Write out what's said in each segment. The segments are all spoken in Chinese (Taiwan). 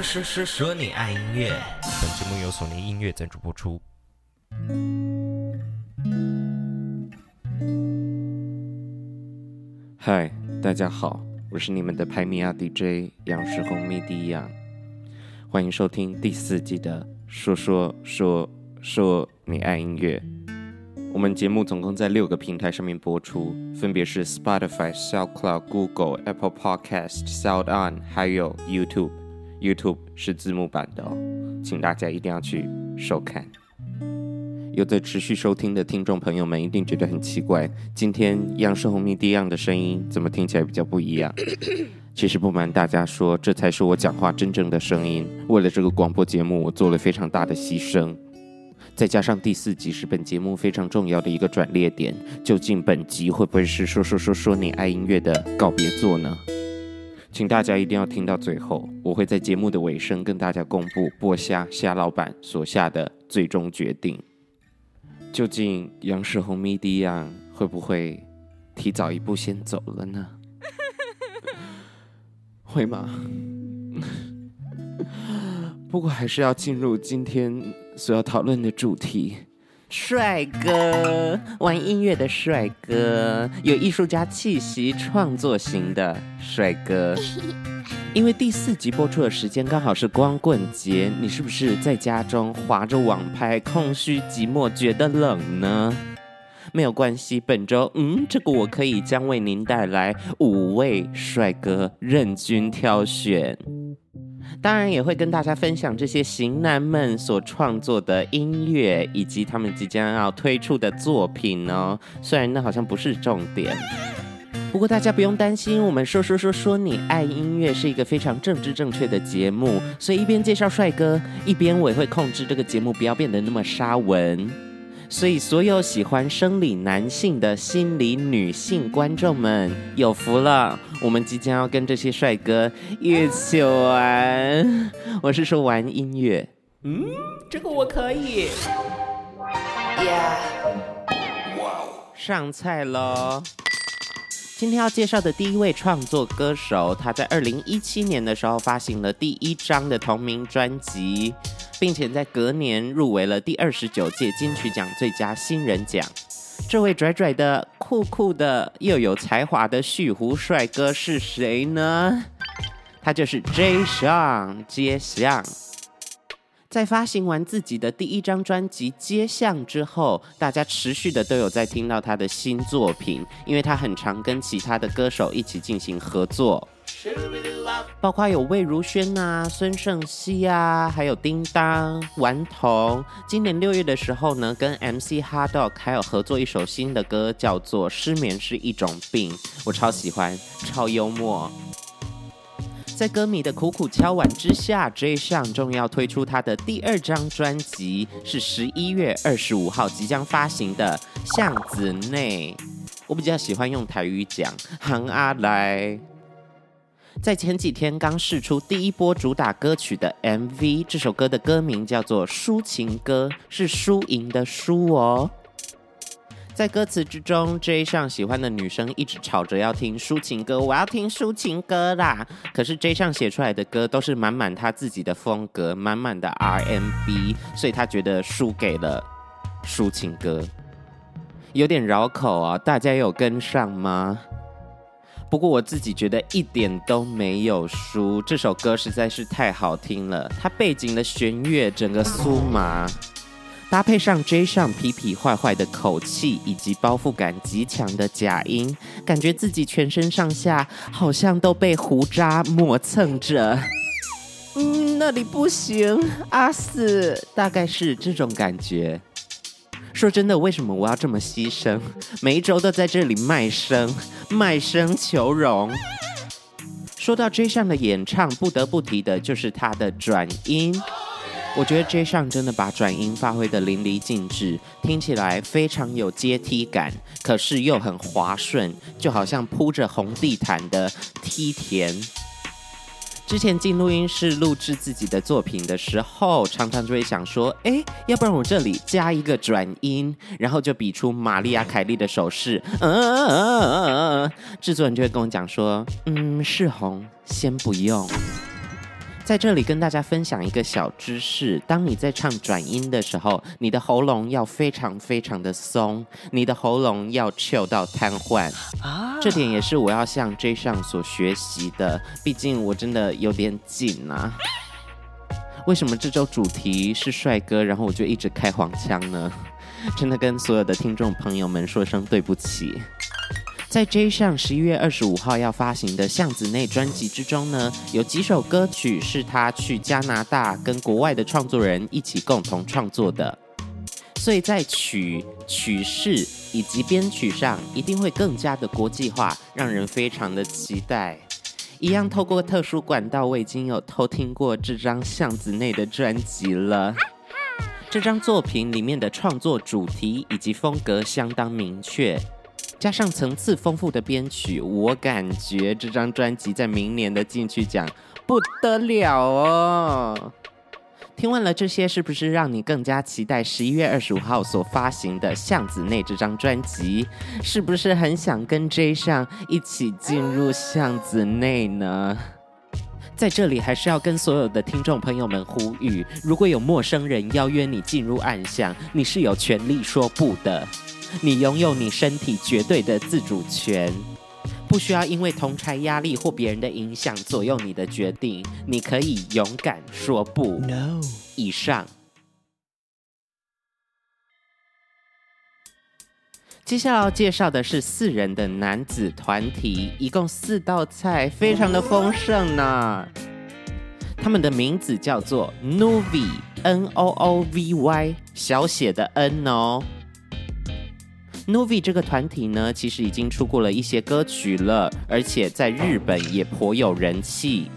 是是是，說，說你愛音樂。本節目由索尼音樂贊助播出。嗨，大家好，我是你們的拍米亞 DJ 楊士弘米迪楊，歡迎收聽第四集的說說說說，說你愛音樂。我們節目總共在六個平台上面播出，分別是 Spotify、SoundCloud、Google、Apple Podcast、Sound On，還有 YouTube。YouTube 是字幕版的哦，請大家一定要去收看。有的持續收聽的聽眾朋友們一定覺得很奇怪，今天央視紅米第一樣的聲音怎麼聽起來比較不一樣咳咳？其實不瞞大家說，這才是我講話真正的聲音。為了這個廣播節目，我做了非常大的犧牲。再加上第四集是本節目非常重要的一個轉捩點，究竟，本集會不會是說說說說說你愛音樂的告別作呢？請大家一定要聽到最後，我會在節目的尾聲跟大家公布播蝦蝦老板所下的最終決定。究竟楊士弘、啊、米迪亞會不會提早一步先走了呢？ 會嗎？不過還是要進入今天所要討論的主題。帥哥，玩音樂的帥哥，有藝術家氣息、創作型的帥哥。因為第四集播出的時間剛好是光棍節，你是不是在家中滑着網拍，空虛寂寞，覺得冷呢？沒有關係，本周，嗯，這個我可以將為您帶來五位帥哥任君挑選。當然，也會跟大家分享這些型男們所創作的音樂，以及他們即將要推出的作品哦。雖然那好像不是重點，不過大家不用擔心，我們說，說說說說你愛音樂是一個非常政治正確的節目，所以一邊介紹帥哥，一邊我也會控制這個節目，不要變得那麼沙文。所以，所有喜歡生理男性的心理女性觀眾們有福了，我們即將要跟這些帥哥一起玩，我是說玩音樂。嗯，這個我可以。Yeah. Wow. 上菜嘍！今天要介紹的第一位創作歌手，他在二零一七年的時候發行了第一張的同名專輯。並且在隔年入圍了第二十九屆金曲獎最佳新人獎。這位拽拽的、酷酷的、又有才華的蓄鬍帥哥是誰呢？他就是 J.Sheon。J.Sheon 在發行完自己的第一張專輯《街巷》之後，大家持續的都有在聽到他的新作品，因為他很常跟其他的歌手一起進行合作。 包括有魏如萱吶、啊、孫盛希呀、啊，還有丁噹、頑童。今年六月的時候呢，跟 MC HotDog 還有合作一首新的歌，叫做《失眠是一種病》，我超喜歡，超幽默。在歌迷的苦苦敲碗之下，J.Sheon 終於要推出他的第二張專輯，是十一月二十五號即將發行的《巷子內》。我比較喜歡用台語講，杭阿、啊、來。在前幾天剛釋出第一波主打歌曲的 MV，這首歌的歌名叫做《輸情歌》，是輸贏的輸哦。在歌詞之中，J.Sheon 喜歡的女生一直吵着要聽抒情歌，我要聽抒情歌啦。可是 J.Sheon 寫出來的歌都是滿滿他自己的風格，滿滿的 R&B，所以他覺得輸給了抒情歌，有點繞口啊、哦，大家有跟上嗎？不過我自己覺得一點都沒有輸，這首歌實在是太好聽了。它背景的弦樂，整個酥麻、嗯，搭配上 J.Sheon 痞痞壞壞的口氣，以及包覆感極強的假音，感覺自己全身上下好像都被胡渣磨蹭着。嗯，那裡不行，阿、啊、四大概是這種感覺。說真的，為什麼我要這麼犧牲？每一周都在這裡賣聲、賣聲求榮。 說到 J 上的演唱，不得不提的就是他的轉音。Oh yeah! 我覺得 J 上真的把轉音發揮得淋漓盡致，聽起來非常有階梯感，可是又很滑順，就好像鋪着紅地毯的梯田。之前進錄音室錄制自己的作品的時候，常常就會想說：“誒，要不然我這裡加一個轉音，然後就比出瑪麗亞凱莉的手勢。啊”嗯，嗯嗯嗯嗯，制作人就會跟我講說：“嗯，士弘，先不用。”在這裡跟大家分享一個小知識：當你在唱轉音的時候，你的喉嚨要非常非常的鬆，你的喉嚨要抽到癱瘓、啊。這點也是我要向 J 上所學習的，畢竟我真的有點緊啊。為什麼這週主題是帥哥，然後我就一直開黃腔呢？真的跟所有的聽眾朋友們說聲對不起。在 J.Sheon 十一月二十五號要發行的巷子內專輯之中呢，有幾首歌曲是他去加拿大跟國外的創作人一起共同創作的，所以在曲曲式以及編曲上一定會更加的國際化，讓人非常的期待。一樣透過特殊管道，我已經有偷聽過這張巷子內的專輯了。這張作品裡面的創作主題以及風格相當明確。加上層次豐富的編曲，我感覺這張專輯在明年的金曲獎不得了哦！聽完了這些，是不是讓你更加期待十一月二十五號所發行的《巷子內》這張專輯？是不是很想跟 J.Sheon 一起進入巷子內呢？在這裡，還是要跟所有的聽眾朋友們呼籲：如果有陌生人邀約你進入暗巷，你是有權利說不的。你擁有你身體絕對的自主權，不需要因為同儕壓力或別人的影響左右你的決定。你可以勇敢說不。No. 以上。接下來要介紹的是四人的男子團體，一共四道菜，非常的豐盛呢、啊。Oh、他們的名字叫做 noovy，N-O-O-V-Y，小寫的 N 哦。noovy 這個團體呢，其實已經出過了一些歌曲了，而且在日本也頗有人氣。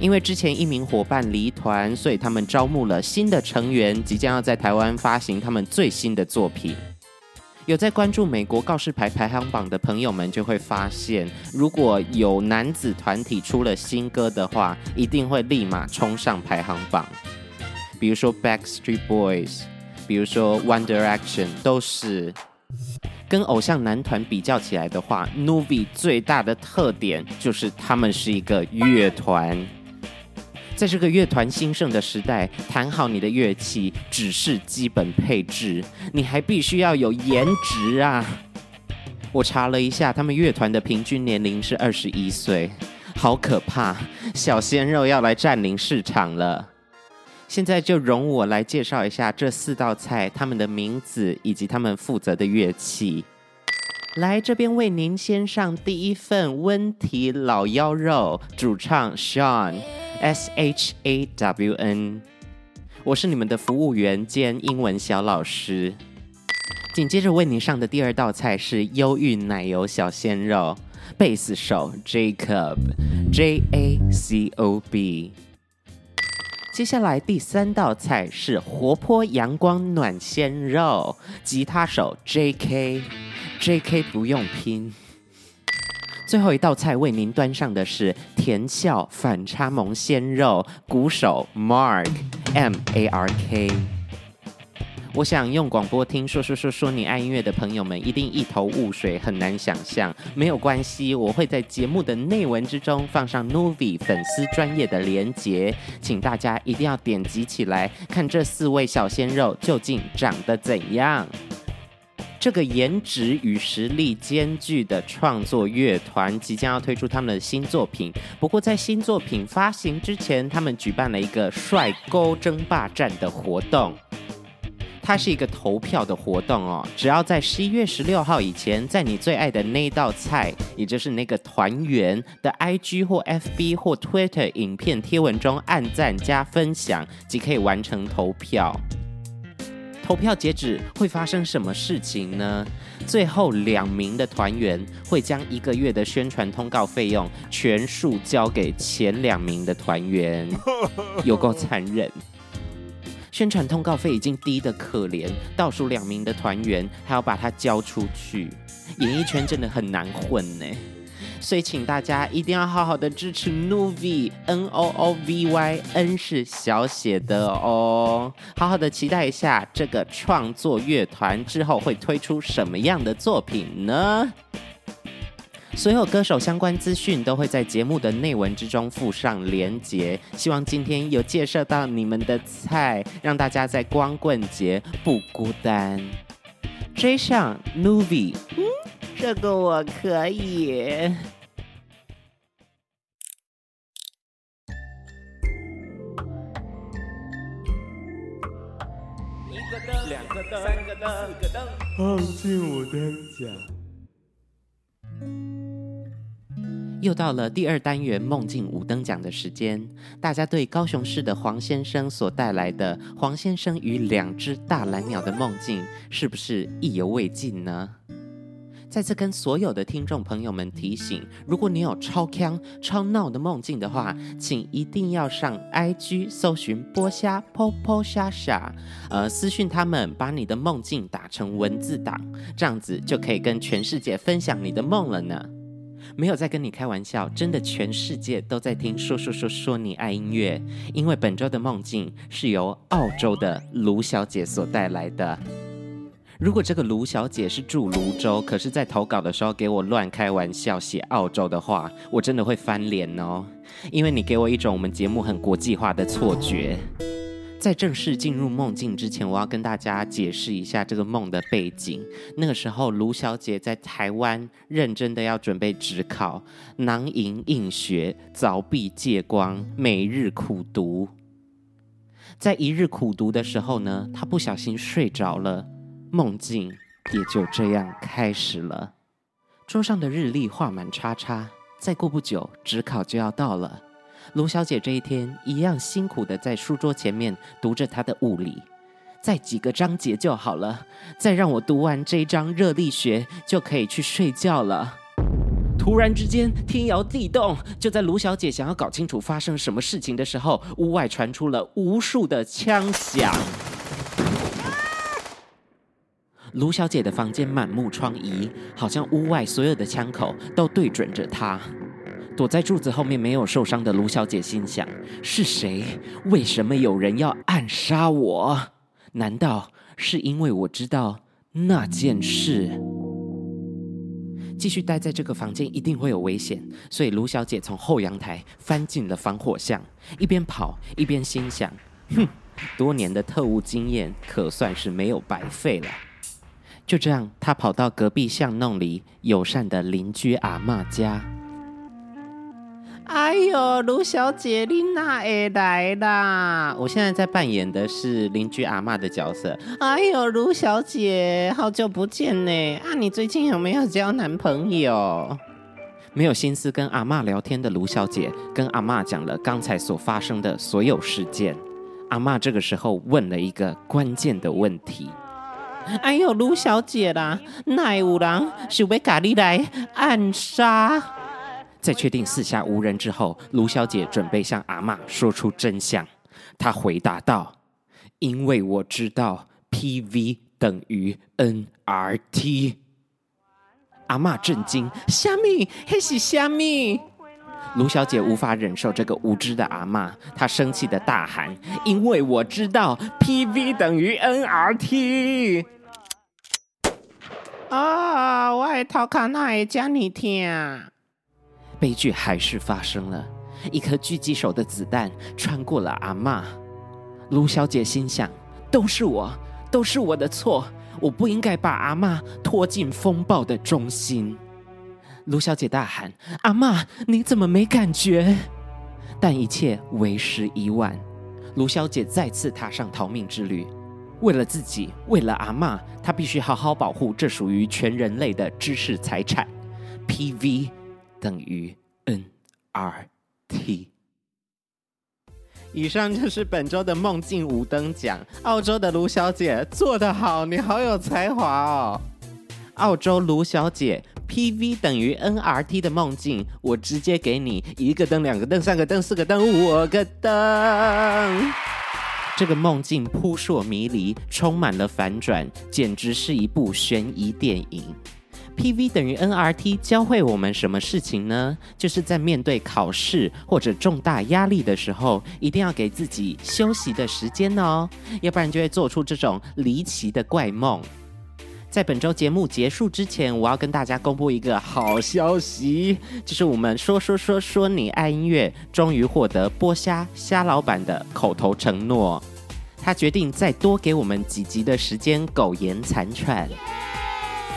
因為之前一名夥伴離團，所以他們招募了新的成員，即將要在台灣發行他們最新的作品。有在關注美國告示牌排行榜的朋友們就會發現，如果有男子團體出了新歌的話，一定會立馬衝上排行榜。比如說 Backstreet Boys。比如說，One Direction 都是跟偶像男團比較起來的話，noovy 最大的特點就是他們是一個樂團。在這個樂团興盛的時代，彈好你的樂器只是基本配置，你還必須要有顏值啊！我查了一下，他們樂團的平均年齡是二十一歲，好可怕，小鮮肉要來占領市場了。現在就容我來介紹一下這四道菜，他們的名字以及他們負責的樂器。來，這邊為您先上第一份溫體老腰肉，主唱 Shawn S H A W N。我是你們的服務員兼英文小老師。緊接着為您上的第二道菜是憂鬱奶油小鮮肉，貝斯手 Jacob J A C O B。接下來第三道菜是活潑陽光暖鮮肉，吉他手 J.K. J.K. 不用拼。最後一道菜為您端上的是甜笑反差萌鮮肉，鼓手 Mark M.A.R.K. 我想用廣播聽說說說說你愛音樂的朋友們，一定一頭霧水，很難想象。沒有關係，我會在節目的內文之中放上 noovy 粉絲專頁的連結，請大家一定要點擊起來，看這四位小鮮肉究竟長得怎樣？這個顏值與實力兼具的創作樂團即將要推出他們的新作品，不過在新作品發行之前，他們舉辦了一個帥哥爭霸戰的活動。它是一個投票的活動哦，只要在十一月十六號以前，在你最愛的那道菜，也就是那個團員的 IG 或 FB 或 Twitter 影片貼文中按讚加分享，即可以完成投票。投票截止會發生什麼事情呢？最後兩名的團員會將一個月的宣傳通告費用全數交給前兩名的團員，有夠殘忍。宣傳通告費已經低得可憐，倒數兩名的團員還要把它交出去，演藝圈真的很難混呢。所以請大家一定要好好的支持 noovy，N O O V Y，N 是小寫的哦。好好的期待一下這個創作樂團之後會推出什麼樣的作品呢？所有歌手相關資訊都會在節目的內文之中附上連結，希望今天有介紹到你們的菜，讓大家在光棍節不孤單。追上 noovy，、嗯、這個我可以。一個燈，兩個燈，三個燈，四個燈，放進我的家。又到了第二單元夢境五燈獎的時間，大家對高雄市的黃先生所帶來的黃先生與兩隻大藍鳥的夢境，是不是意猶未盡呢？再次跟所有的聽眾朋友們提醒，如果你有超強超鬧的夢境的話，請一定要上 IG 搜尋播蝦泡泡蝦蝦，呃私訊他們，把你的夢境打成文字檔，這樣子就可以跟全世界分享你的夢了呢。沒有在跟你開玩笑，真的，全世界都在聽說，說說說說你愛音樂，因為本周的夢境是由澳洲的盧小姐所帶來的。如果這個盧小姐是住瀘州，可是，在投稿的時候給我亂開玩笑寫澳洲的話，我真的會翻臉哦，因為你給我一種我們節目很國際化的錯覺。在正式進入夢境之前，我要跟大家解釋一下這個夢的背景。那個時候，盧小姐在台灣認真的要準備指考，囊螢映雪，鑿壁借光，每日苦讀。在一日苦讀的時候呢，她不小心睡着了，夢境也就這樣開始了。桌上的日曆畫滿叉叉，再過不久，指考就要到了。盧小姐這一天一樣辛苦地在書桌前面讀着她的物理，再幾個章節就好了，再讓我讀完這一章熱力學就可以去睡覺了。突然之間天搖地動，就在盧小姐想要搞清楚發生什麼事情的時候，屋外傳出了無數的槍響。啊！盧小姐的房間滿目瘡痍，好像屋外所有的槍口都對準着她。躲在柱子後面沒有受傷的盧小姐心想：“是誰？為什麼有人要暗殺我？難道是因為我知道那件事？”繼續待在這個房間一定會有危險，所以盧小姐從後陽台翻進了防火巷，一邊跑一邊心想：“哼，多年的特務經驗可算是沒有白費了。”就這樣，她跑到隔壁巷弄裡友善的鄰居阿嬤家。哎呦，盧小姐，你哪會來啦？我現在在扮演的是鄰居阿媽的角色。哎呦，盧小姐，好久不見呢！啊，你最近有沒有交男朋友？沒有心思跟阿媽聊天的盧小姐，跟阿媽講了剛才所發生的所有事件。阿媽這個時候問了一個關鍵的問題。哎呦，盧小姐啦，哪有人是要咖你來暗殺？在確定四下無人之後，盧小姐準備向阿媽說出真相。她回答道：“因為我知道 P V 等於 N R T。”阿媽震驚：“蝦米？那是蝦米？”盧小姐無法忍受這個無知的阿媽，她生氣的大喊：“因為我知道 P V 等於 N R T。”啊！我的頭殼哪會這麼痛，啊？悲劇還是發生了，一顆狙擊手的子彈穿過了阿嬤。盧小姐心想：“都是我，都是我的錯，我不應該把阿嬤拖進風暴的中心。”盧小姐大喊：“阿嬤，你怎麼沒感覺？”但一切為時已晚，盧小姐再次踏上逃命之旅。為了自己，為了阿嬤，她必須好好保護這屬於全人類的知識財產。PV。等於 n R T。以上就是本週的夢境五燈獎，澳洲的盧小姐做得好，你好有才華哦！澳洲盧小姐 P V 等於 n R T 的夢境，我直接給你一個燈，兩個燈，三個燈，四個燈，五個燈。這個夢境撲朔迷離，充滿了反轉，簡直是一部懸疑電影。P V 等於 N R T 教會我們什麼事情呢？就是在面對考試或者重大壓力的時候，一定要給自己休息的時間哦，要不然就會做出這種離奇的怪夢。在本周節目結束之前，我要跟大家公布一個好消息，就是我們說說說說，說你愛音樂，終於獲得播蝦蝦老板的口頭承諾，他決定再多給我們幾集的時間苟延殘喘。Yeah!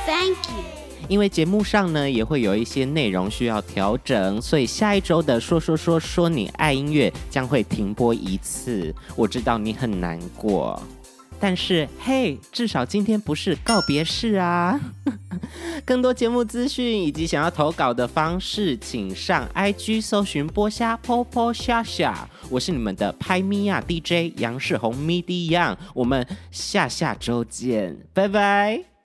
Thank you。因為節目上呢也會有一些內容需要調整，所以下一周的說說說說，說你愛音樂將會停播一次。我知道你很難過，但是嘿，至少今天不是告別式啊！ 更多節目資訊以及想要投稿的方式，請上 IG 搜尋播蝦 popo 蝦蝦。我是你們的拍咪呀 DJ 楊士弘 MIDI Yang，我們下下周見，拜拜。